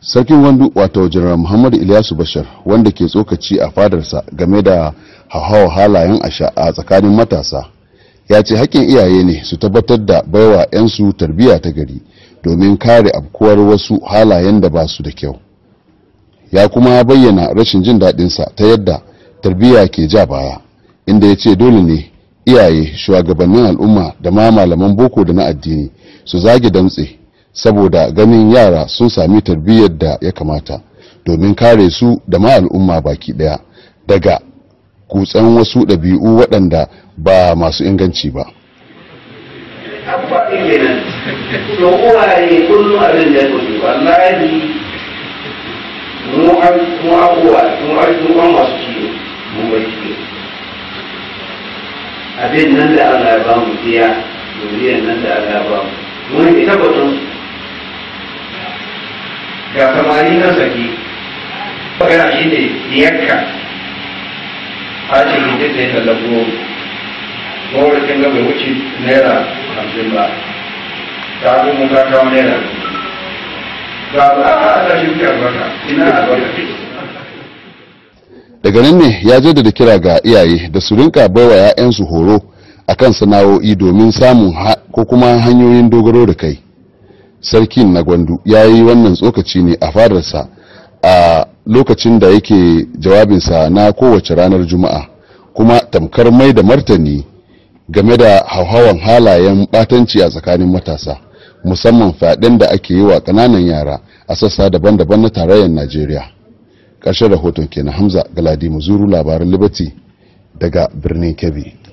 sarkin wandu wato janar muhammad ilyasu bashar wanda ke tsokaci a fadarsa game da hauhawa halayen asha a tsakanin matasa ya ce haƙƙin iyaye ne su tabbatar da baiwa 'yansu tarbiyya ta gari domin kare abkuwar wasu halayen da ba su da kyau ya kuma bayyana rashin jin daɗinsa ta yadda tarbiyya ke ja baya inda ya ce dole ne iyaye shugabannin al'umma da ma malaman boko da na addini su zage damtse saboda ganin yara sun sami tarbiyyar da ya kamata domin kare su da ma al'umma baki daya daga kutsan wasu ɗabi'u waɗanda ba masu inganci ba abin nan da Allah ya ba mu biya duniyar nan da Allah ya ba mu ga ni na zaki magana shi ne yakka a ce ki ta yi tallafo mawarikin ga bai wuce naira hamsin ba ta zo mun ka kawo naira ga ba a ta shi wuce albarka ina albarka daga nan ne ya da kira ga iyaye da su rinka baiwa 'ya'yansu horo akan sana'o'i domin samun ko kuma hanyoyin dogaro da kai sarkin na gwandu ya yi wannan tsokaci ne a fadarsa a lokacin da yake jawabinsa na kowace ranar juma'a kuma tamkar mai da martani game da hauhawan halayen batanci a tsakanin matasa musamman fyaɗen da ake yi wa kananan yara a sassa daban-daban na tarayyar najeriya ƙarshen rahoton ke na hamza galadi muzuru labaran liberty daga birnin kebbi